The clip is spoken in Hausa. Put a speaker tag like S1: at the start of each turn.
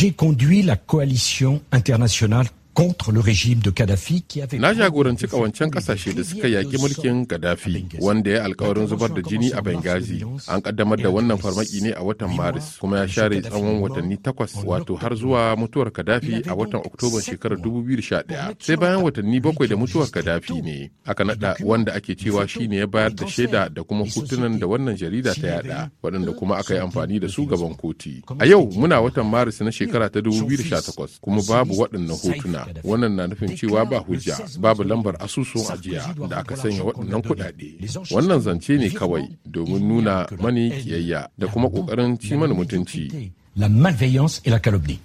S1: j'ai conduit la coalition internationale
S2: Na jagoranci kawancen kasashe da suka yaki mulkin Gaddafi wanda ya alkawarin zubar da jini a Benghazi. An kaddamar da wannan farmaki ne a watan Maris kuma ya share tsawon watanni takwas wato har zuwa mutuwar Gaddafi a watan Oktoban shekarar 2011. Sai bayan watanni bakwai da mutuwar Gaddafi ne aka nada wanda ake cewa shine ya bayar da shaida da kuma hutunan da wannan jarida ta yada waɗanda kuma aka yi amfani da su gaban koti. A yau muna watan Maris na shekara ta 2018 kuma babu waɗannan hotuna. wannan na nufin cewa ba hujja babu lambar asusun ajiya da aka sanya waɗannan kuɗaɗe wannan zance ne kawai
S1: domin nuna mani kiyayya da kuma ƙoƙarin ci mana mutunci La malveillance et la calomnie.